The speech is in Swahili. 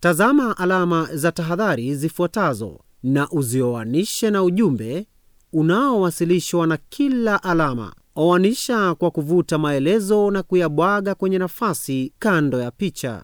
Tazama alama za tahadhari zifuatazo na uzioanishe na ujumbe unaowasilishwa na kila alama. Oanisha kwa kuvuta maelezo na kuyabwaga kwenye nafasi kando ya picha.